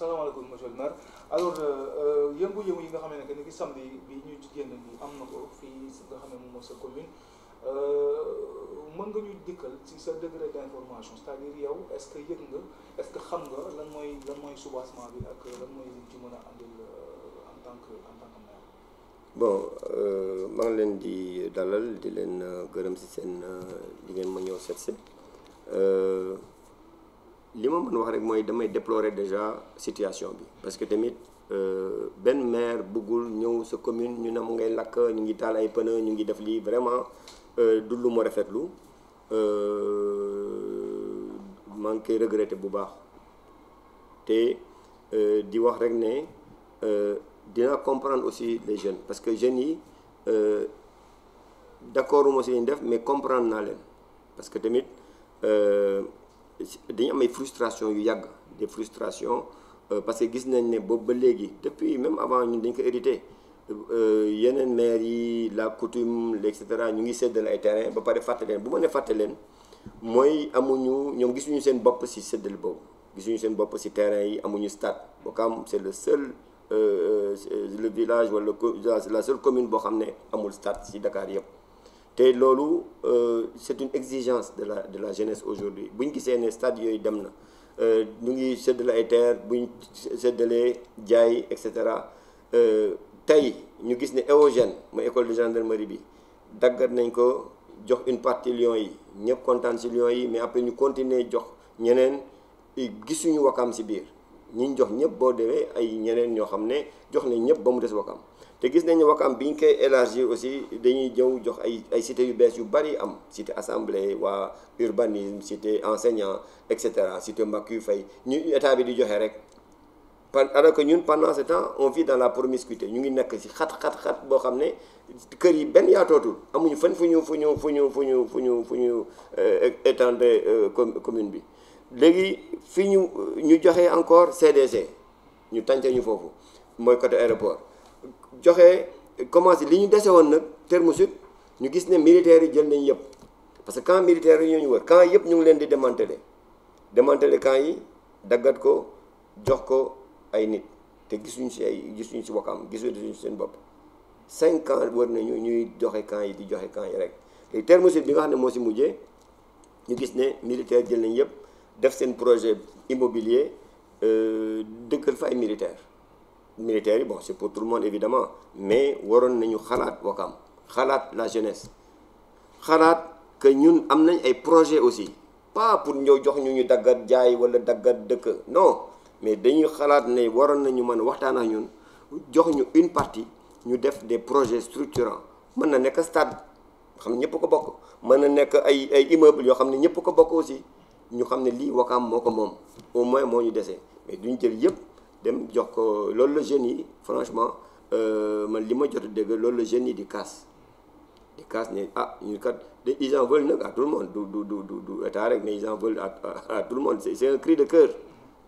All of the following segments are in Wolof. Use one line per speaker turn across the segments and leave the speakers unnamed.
salaamaaleykum monsieur le maire alors euh, euh, yëngu-yëngu yi nga xam ne ni ki samedi bi ñu jigéen bi am na ko fii nga xam ne moom mooy sa commune euh, mën nga ñu dikkal ci sa degré d'information c'est-à-dire yow est-ce que yëg nga est-ce que xam nga lan mooy lan mooy soubassement bi ak lan mooy ci mën a andil
leen di dalal di leen gërëm si seen li ngeen ma ñëw set si. li ma mën wax rek mooy damay déplorer déjà situation bi parce que tamit euh, benn maire bëggul ñëw sa commune ñu ne mu ngay lakk ñu ngi taal ay pneu ñu ngi def lii vraiment euh, du lu ma rafetlu euh, maa ngi koy regretter bu baax te di wax rek ne dina comprendre aussi les jeunes parce que jeunes yi d'accord uma si ñu def mais comprendre naa leen parce que tamit dañu am ay frustration yu yàgg des frustrations euh, parce que gis nañ ne boobu ba léegi depuis même avant ñu dañ ko hérité euh, yeneen maires yi la coutume et cetera ñu ngi séddale ay terrain ba pare fàtte leen bu ma ne fàtte leen mooy amuñu ñoom gisuñu seen bopp ci séddale boobu gisuñu seen bopp si terrain yi amuñu stade Ouakam c'est le seul euh, le village wala la seule commune boo xam ne amul stade si Dakar yëpp te loolu euh, c'est une exigence de la de la jeunesse aujourd'hui bu ñu gisee ne stade yooyu dem na euh, ñu ngi séddale ay terre bu ñu séddalee jaay et cetera euh, tey ñu gis ne Eogène mooy école de gendarmerie bi daggat nañ ko jox une partie yi ñëpp kontaan si lion yi mais après ñu continuer jox ñeneen gisuñu Wakaam si biir ñi ñu jox ñëpp boo demee ay ñeneen ñoo xam ne jox nañ ñëpp ba mu des Wakaam te gis nañu am bi ñu koy élargie aussi dañuy ñëw jox ay ay cité yu bees yu bari am cité assemblée waa urbanisme cité enseignant et cetera cité mbakk yu fay ñu état bi di joxe rek pan que ñun pendant ce temps on vit dans la promiscuité ñu ngi nekk ci xat xat xat boo xam ne kër yi benn yaatootul amuñu fan fu ñu fu ñu fu ñu fu ñu fu ñu fu ñu euh, étendre euh, commune bi léegi fi ñu ñu joxe encore CDG ñu tànce ñu foofu mooy côté aéroport joxe commencé li ñu dese woon nag terme ñu gis ne militaires yi jël nañ yëpp parce que camp militaire yi ñu wër camp yëpp ñu ngi leen di démantelé démantelé camp yi daggat ko jox ko ay nit te gisuñu si ay gisuñu si wakam gisuñu si seen bopp cinq ans wër nañu ñuy joxe camp yi di joxe camp yi rek te terme bi nga xam ne moo si mujjee ñu gis ne militaire jël nañ yëpp def seen projet immobilier euh, dëkkal fa ay militaire militaires yi bon c'est pour tout le monde évidemment mais waroon nañu xalaat Wakam xalaat la jeunesse xalaat que ñun am nañ ay projet aussi pas pour ñëw jox ñu ñu daggat jaay wala daggat dëkk non mais dañuy xalaat ne waroon nañu mën waxtaan ak ñun jox ñu une partie ñu def des projets structurants mën na nekk stade xam ne ñëpp ko bokk mën na nekk ay ay immeubles yoo xam ne ñëpp ko bokk aussi ñu xam ne lii Wakam moo ko moom au moins moo ñu desee mais duñ jël yëpp dem jox ko loolu la jeunes yi franchement euh, man li ma jot a loolu la jeunes yi di kaas di kaas ni ah ñu kat de ils en veulent nag à tout le monde du du du du état rek ni ils en veulent à à tout le monde c'est un cri de cœur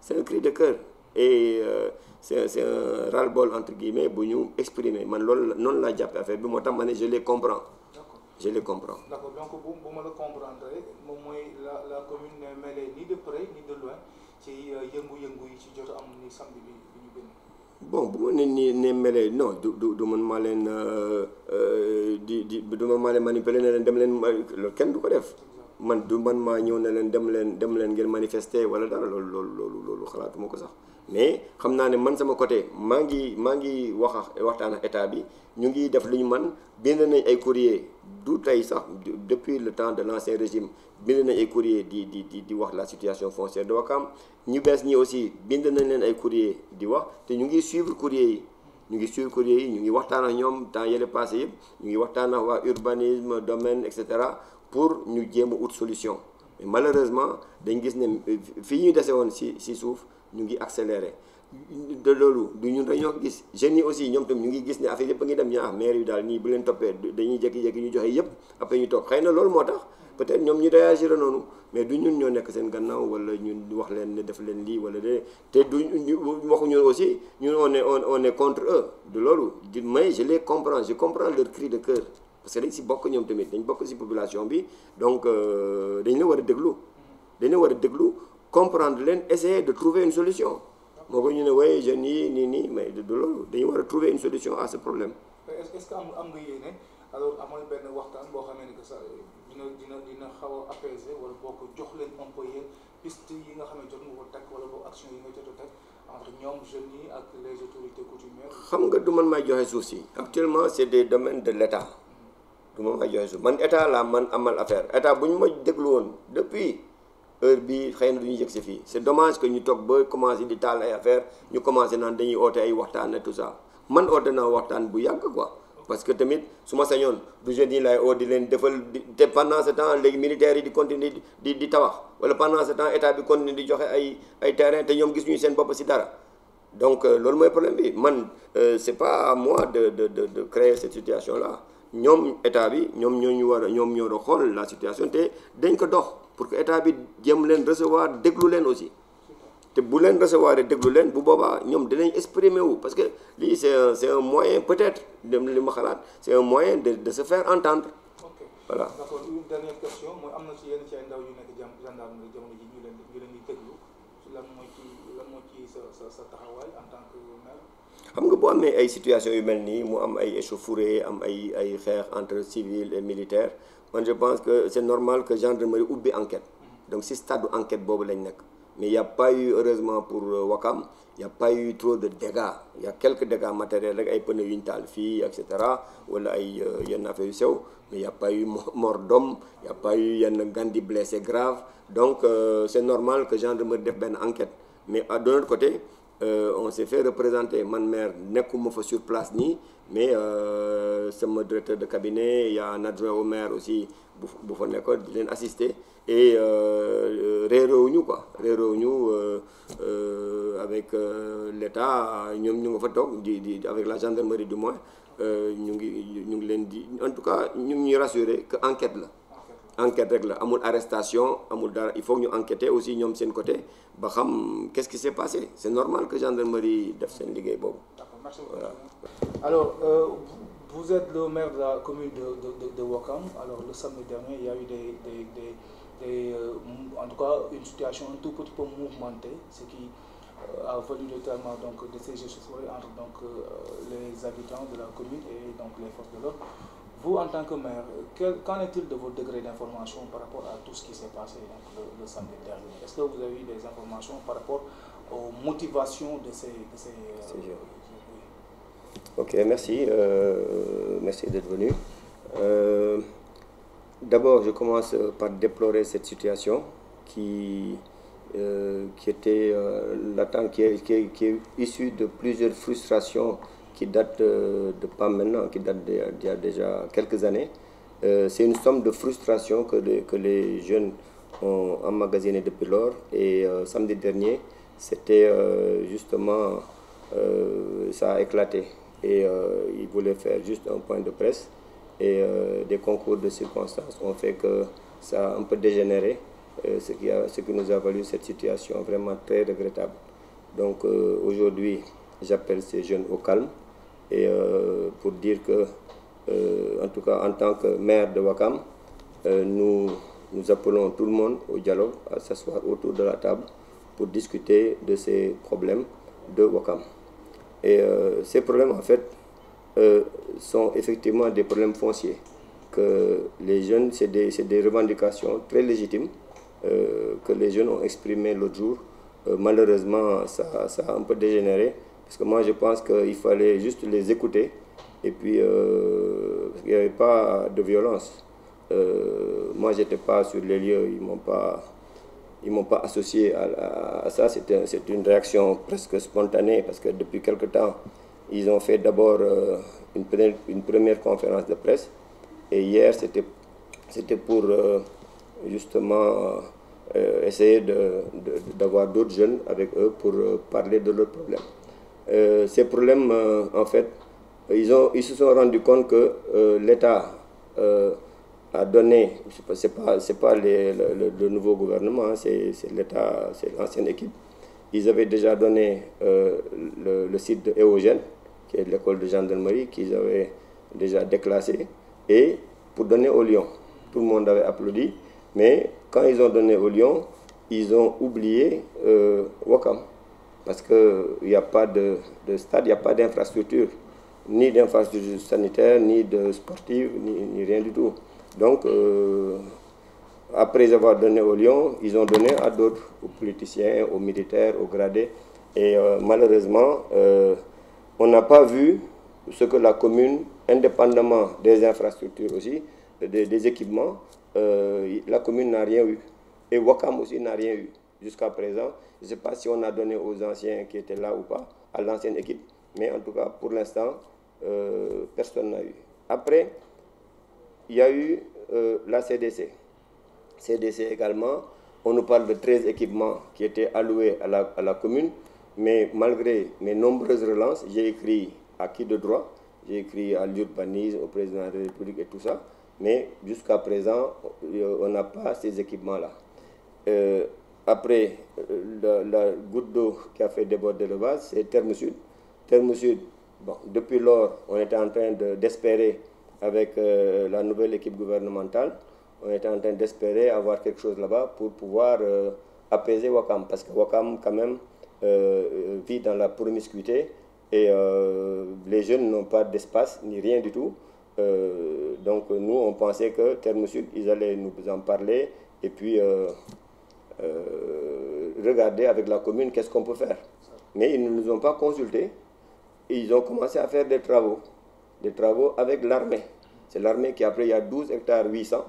c'est un cri de cœur et euh, c'est c'est un ras-le-bol entre guillemets bu ñu exprimer man loolu la noonu laa jàppe affaire bi moo tax ma ne je les comprends je les comprends.
d'accord donc moom mooy la la commune ni de près ni de ci euh, yëngu-yëngu yi ci jot am ni samedi bi ñu
génn. bon bu ma ne nii ne melee non du du du man maa leen euh, euh, di di du ma maa leen manipuler na leen dem leen loolu kenn du ko def. man du man maa ñëw ne leen dem leen dem leen ngeen manifester wala dara loolu loolu loolu loolu xalaatuma ko sax. mais xam naa ne man sama côté maa ngi maa ngi wax a waxtaan ak état bi ñu ngi def lu ñu man bind nañ ay courier du tey sax depuis le temps de l'ancien régime bind nañ ay courier di di di di wax la situation foncière de Ouakam ñu bees ñi aussi bind nañ leen ay courrier di wax te ñu ngi suivre courrier yi ñu ngi suivre courrier yi ñu ngi waxtaan ak ñoom temps yële passé yëpp ñu ngi waxtaan ak waa urbanisme domaine et cetera pour ñu jéema a solution mais dañ gis ne fii ñu dese woon si si suuf ñu ngi accéléré de loolu du ñun dañoo gis jeunes yi aussi ñoom tam ñu ngi gis ne affaire yëpp a ngi dem ñu ah maire yi daal ñii bu leen toppee dañuy jékki-jékki ñu joxe yëpp après ñu toog xëy na loolu moo tax peut-être ñoom ñu réagir noonu mais du ñun ñoo nekk seen gannaaw wala ñun wax leen ne def leen lii wala de te du waxu ñun aussi ñu on est on est contre eux du loolu du mais je les comprends je comprends leur cri de cœur parce que dañ si bokk ñoom tamit dañ bokk si population bi donc euh, dañ la war a déglu dañ war a déglu comprendre leen essayer de trouver une solution moo ko ñu ne waaye jeunes yi nii nii mais du loolu dañu war a trouver une solution à ce problème.
est am nga yéene alors amal benn waxtaan boo xam ne que ça dina dina xaw a apaiser wala boo ko jox leen employé piste yi nga xam ne jot nga ko teg wala boo action yi nga jot a teg entre ñoom jeunes yi ak les autorités coutumières. xam nga du
man may joxe suuf si actuellement c'est des domaines de l'État du man may joxe man État laa man amal affaire État bu ñu ma déglu woon depuis. heure bi xëy na du ñu yëg si fii c'est dommage que ñu toog ba commencé di taal ay affaire ñu commencé naan dañuy oote ay waxtaan et tout ça man oote naa waxtaan bu yàgg quoi parce que tamit su ma sañoon du jeudi laay oo leen defal te pendant ce temps léegi militaires yi di continuer di di tabax wala pendant ce temps état bi continuer di joxe ay ay terrain te ñoom ñu seen bopp si dara donc euh, loolu mooy problème bi man euh, c'est pas à moi de de de de créer cette ñoom état bi ñoom ñoo ñu war a ñoom ñoo doon xool la situation te dañ ko dox pour que état bi jëm leen recevoir déglu leen aussi te bu leen recevoir déglu leen bu boobaa ñoom danañ exprimer wu parce que lii c'est un un moyen peut-être dem li ma xalaat c'est un moyen de de se faire entendre.
voilà d'accord mooy am na ci yenn ci ay ndaw yu nekk jam jamono ji ñu leen ñu leen di déglu ci lan mooy ci lan mooy sa sa sa taxawaay en tant
xam nga boo amee ay situation yu mel nii mu am ay échauffourées am ay ay xeex entre civil et militaire man je pense que c' est normal que gendarmerie ubbi enquête donc si stade enquête boobu lañ nekk mais y' a pas eu heureusement pour euh, Wakam y' a pas eu trop de dégâts y' a quelques matériels rek ay pneu yuñ taal fii et cetera wala ay euh, yenn affaire yu sew mais y' a pas eu mort d'homme y' a pas eu yenn gandi blessé grave donc euh, c' est normal que gendarmerie def benn enquête mais à ah, notre côté. Euh, on s'est fait représenter man maire nekkuma fa sur place nii mais euh, sama directeur de cabinet y a un adjoint aussi bu fa nekkoon di leen assister et euh, réeréewuñu quoi réeréewuñu avec l'État ñoom ñu nga fa toog di di avec la gendarmerie du moins ñu ngi ñu ngi leen di en tout cas ñu ngi ñuy rassurer que enquête la. enquête rek la amul arrestation amul dara il faut ñu enquêter aussi ñoom seen côté ba xam qu'est-ce qui s'est passé c'est normal que gendarmerie def seen liggéey boobu. d'accord merci beaucoup voilà.
alors euh, vous êtes le maire de la commune de de le samedi dernier il y a eu des des des des euh, en tout cas une situation un tout petit peu mouvementée ce qui euh, a valu notamment donc des échanges entre donc euh, les habitants de la commune et donc les forces de l'ordre. Vous, en tant que maire, qu'en est-il de vos degrés d'information par rapport à tout ce qui s'est passé donc, le, le, samedi dernier Est-ce que vous des informations par rapport aux
euh, D'abord, je commence par déplorer cette situation qui, euh, qui était euh, l'attente, qui, qui, est issue de plusieurs frustrations qui date de pas maintenant, qui date d'il y a déjà quelques années. Euh, c'est une somme de frustration que, de, les jeunes ont emmagasinée depuis lors. Et euh, samedi dernier, c'était euh, justement, euh, ça a éclaté. Et euh, ils voulaient faire juste un point de presse. Et des concours de circonstances ont fait que ça a un peu dégénéré, ce, qui a, ce nous a valu cette situation vraiment très regrettable. Donc aujourd'hui, j'appelle ces jeunes au calme. et euh, pour dire que, euh, en tout cas en tant que maire de Wakam, euh, nous, nous appelons tout le monde au dialogue, à s'asseoir autour de la table pour discuter de ces problèmes de Wakam. Et ces problèmes, en fait, sont effectivement des problèmes fonciers que les jeunes, c'est des, des, revendications très légitimes euh, que les jeunes ont exprimées l'autre jour. Euh, malheureusement, ça, ça, a un peu dégénéré Parce que moi, je pense qu'il fallait juste les écouter. Et puis, euh, parce il n'y avait pas de violence. Euh, moi, je n'étais pas sur les lieux. Ils ne m'ont pas, ils m'ont pas associé à, à, à ça. C'était, c'est une réaction presque spontanée parce que depuis quelque temps, ils ont fait d'abord euh, une, première, une, première conférence de presse. Et hier, c'était, c'était pour euh, justement euh, essayer de, de, d'avoir d'autres jeunes avec eux pour euh, parler de leurs problèmes. Euh, ces problèmes, euh, en fait, ils, ont, ils se sont rendus compte que euh, l'État a donné, ce n'est pas, pas le, le, nouveau gouvernement, hein, c'est l'État, c'est l'ancienne équipe. Ils avaient déjà donné le, le, site de Eogène, qui est l'école de gendarmerie, qu'ils avaient déjà déclassé, et pour donner au Lyon. Tout le monde avait applaudi, mais quand ils ont donné au Lyon, ils ont oublié euh, parce qu'il n'y a pas de, de stade, il n'y a pas d'infrastructure, ni d'infrastructure sanitaire, ni de sportive, ni, ni rien du tout. Donc, euh, après avoir donné aux Lyon, ils ont donné à d'autres, aux politiciens, aux militaires, aux gradés. Et euh, malheureusement, euh, on n'a pas vu ce que la commune, indépendamment des infrastructures aussi, des, des équipements, euh, la commune n'a rien eu. Et Wakam aussi n'a rien eu. jusqu'à présent. Je ne sais pas si on a donné aux anciens qui étaient là ou pas, à l'ancienne équipe, mais en tout cas, pour l'instant, euh, personne n'a eu. Après, il y a eu euh, la CDC. CDC également, on nous parle de 13 équipements qui étaient alloués à la, à commune, mais malgré mes nombreuses relances, j'ai écrit à qui de droit, j'ai écrit à l'urbanisme, au président de la République et tout ça, mais jusqu'à présent, euh, on n'a pas ces équipements-là. Euh, après euh, la, la goutte d'eau qui a fait déborder le vase, c'est Terme Sud. depuis lors, on était en train d'espérer de, avec euh, la nouvelle équipe gouvernementale, on était en train d'espérer avoir quelque chose là-bas pour pouvoir euh, apaiser Wakam, parce que Wakam, quand même, euh, euh, vit dans la promiscuité et les jeunes n'ont pas d'espace ni rien du tout. donc nous, on pensait que Terme Sud, ils allaient nous en parler et puis... euh, regarder avec la commune qu'est-ce qu'on peut faire. Mais ils ne nous ont pas consultés ils ont commencé à faire des travaux, des avec l'armée. C'est l'armée qui, après, il y a 12 hectares 800,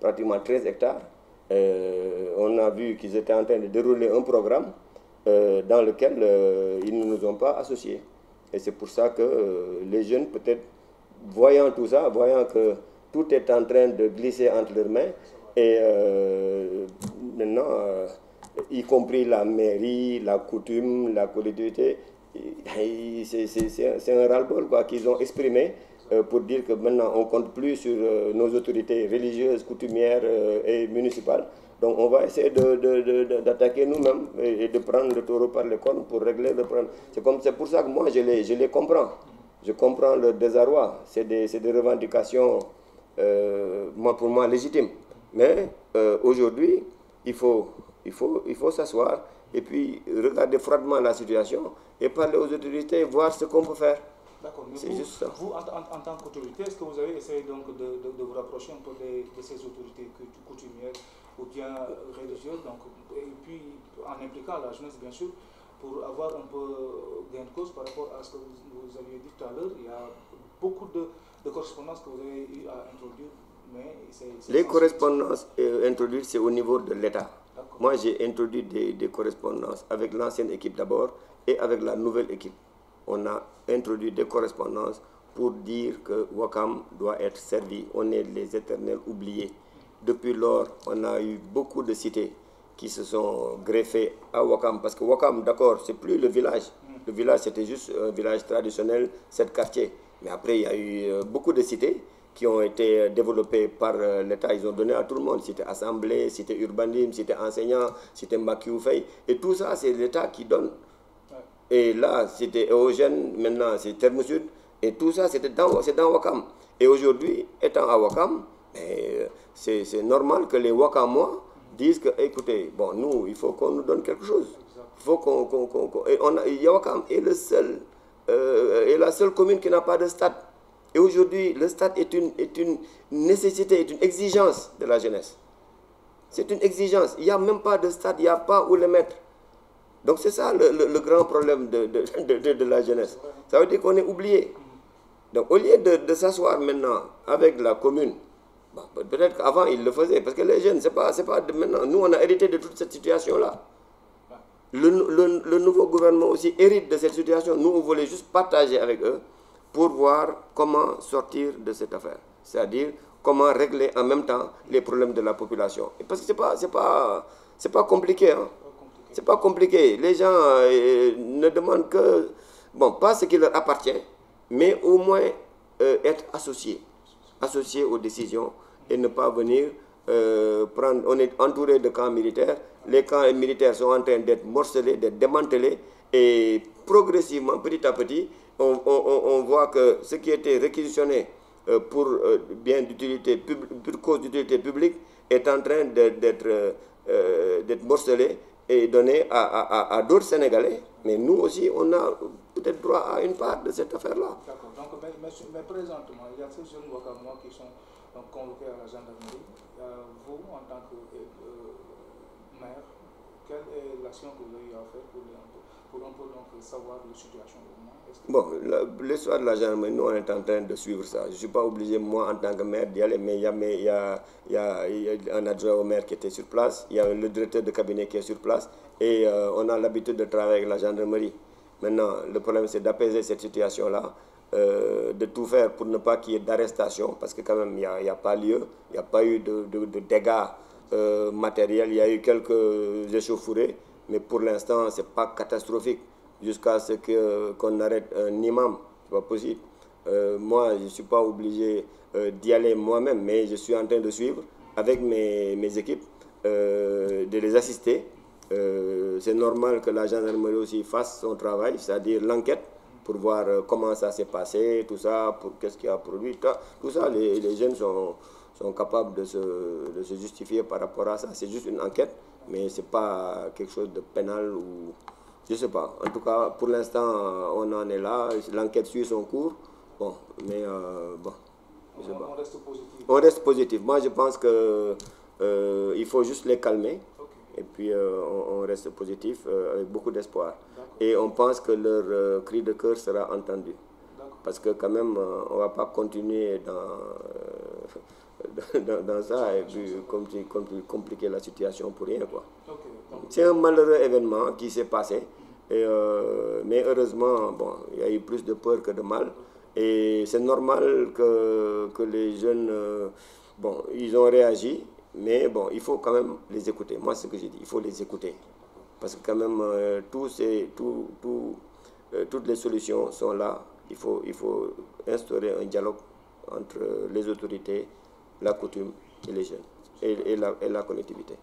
pratiquement 13 hectares. Euh, on a vu qu'ils étaient en train de dérouler un programme euh, dans lequel euh, ils ne nous ont pas associés. Et c'est pour ça que euh, les jeunes, peut-être, voyant tout ça, voyant que tout est en train de glisser entre leurs mains, Et euh, maintenant, euh, y compris la mairie, la coutume, la collectivité, c'est un ras-le-bol qu'ils ont exprimé euh, pour dire que maintenant on compte plus sur nos autorités religieuses, coutumières et municipales. Donc on va essayer d'attaquer de, de, de, nous-mêmes et de prendre le taureau par les pour régler le problème. C'est pour ça que je les, je comprends. Je comprends le désarroi. C'est des, des, revendications euh, pour moi légitimes. Mais euh, aujourd'hui, il faut, il faut, il faut s'asseoir et puis regarder froidement la situation et parler aux autorités et voir ce qu'on peut faire. D'accord, juste
en, tant qu'autorité, essayé donc de, de, de vous rapprocher un peu de, de ces autorités coutumières ou bien religieuses, et puis en impliquant la jeunesse bien sûr, pour avoir un peu gain de cause par rapport à ce que vous, vous aviez dit tout à l'heure, il y a beaucoup de, correspondances que vous avez eu introduire Les correspondances
euh, introduites, c'est au niveau de l'État. Moi, j'ai introduit des, des, correspondances avec l'ancienne équipe d'abord et avec la nouvelle équipe. On a introduit des correspondances pour dire que Wakam doit être servi. On est les éternels oubliés. Depuis lors, on a eu beaucoup de cités qui se sont greffées à Wakam. Parce que Wakam, d'accord, c'est plus le village. Hmm. Le village, c'était juste un village traditionnel, sept quartiers. Mais après, il y a eu euh, beaucoup de cités qui ont été euh, développés par euh, l'État, ils ont donné à tout le monde. C'était assemblée, c'était urbanisme, c'était enseignant, c'était Makioufaï. Et tout ça, c'est l'État qui donne. Et là, c'était Eugène, maintenant c'est Terme Et tout ça, c'était dans, Wakam. Et aujourd'hui, étant à Wakam, euh, c'est normal que les Wakamois disent que, écoutez, nous, il faut qu'on nous donne quelque chose. Il faut qu'on... Qu et a, Wakam est, le est la seule commune qui n'a pas de stade. Et aujourd'hui, le stade est une, est une nécessité, est une exigence de la jeunesse. C'est une exigence. Il n'y a même pas de stade, il n'y a pas où le mettre. Donc c'est ça le, le, le, grand problème de, de, de, de, la jeunesse. Ça veut dire qu'on est oublié. Donc au lieu de, s'asseoir maintenant avec la commune, bah, peut-être qu'avant ils le faisaient, parce que les jeunes, c'est pas, pas maintenant. Nous, on a hérité de toute cette situation-là. Le, le nouveau gouvernement aussi hérite de cette situation. Nous, on voulait juste partager avec eux pour voir comment sortir de cette affaire c'est-à-dire comment régler en même temps les problèmes de la population parce que c'est pas c'est pas c'est pas compliqué hein c'est pas compliqué les gens euh, ne demandent que pas ce qui leur appartient mais au moins euh, être associés associés aux décisions et ne pas venir euh, prendre on est entouré de camps militaires les camps militaires sont en train d'être morcelés d'être démantelés et progressivement petit à petit on, on, on voit que ce qui était réquisitionné euh, pour euh, bien d'utilité pour publique est en train d'être euh, d'être et donné à, à, à, à d'autres Sénégalais. Mais nous aussi, on a peut-être droit à une part de cette affaire-là.
D'accord. Donc, mais, présentement, il y a ces la gendarmerie. Euh, vous, en tant que euh, maire, quelle est
l'histoire de la gendarmerie, nous on est en train de suivre ça. Je suis pas obligé, moi en tant que maire, d'y aller, mais il y, a, un adjoint au maire qui était sur place, il y a le directeur de cabinet qui est sur place, et euh, on a l'habitude de travailler la gendarmerie. Maintenant, le problème c'est d'apaiser cette situation-là. Euh, de tout faire pour ne pas qu'il y d'arrestation, parce que quand même, il n'y a, pas lieu, il n'y a pas eu de dégâts euh, matériel. Il y a eu quelques échauffourées, mais pour l'instant, ce n'est pas catastrophique. Jusqu'à ce qu'on qu arrête un imam, ce n'est pas possible. Euh, moi, je ne suis pas obligé euh, d'y aller moi-même, mais je suis en train de suivre avec mes, mes équipes, euh, de les assister. Euh, c'est normal que la gendarmerie aussi fasse son travail, c'est-à-dire l'enquête pour voir euh, comment ça s'est passé, tout ça, pour qu'est-ce qu'il y a produit, tout ça, les, les jeunes sont, sont capables de se, de justifier par rapport à ça. C'est juste une enquête, mais ce pas quelque chose de pénal ou... Je ne sais pas. En tout cas, pour l'instant, on en est là. L'enquête suit son cours. mais euh, Je pense que euh, il faut juste les calmer. Okay. Et puis, euh, on, on, reste positif euh, avec beaucoup d'espoir. Et on pense que leur euh, cri de cœur sera entendu. Parce que quand même, on ne va pas continuer dans dans, dans, ça comme tu, comme tu compliquer la situation pour rien quoi. Okay. C'est un malheureux événement qui s'est passé euh, mais heureusement bon il y a eu plus de peur que de mal et c'est normal que, que les jeunes euh, bon ils ont réagi mais bon il faut quand même les écouter moi c'est ce que j'ai dit il faut les écouter parce que quand même euh, tous ces tout, tout euh, toutes les solutions sont là il faut il faut instaurer un dialogue entre les autorités la coutume et les jeunes e et, la, et la collectivité.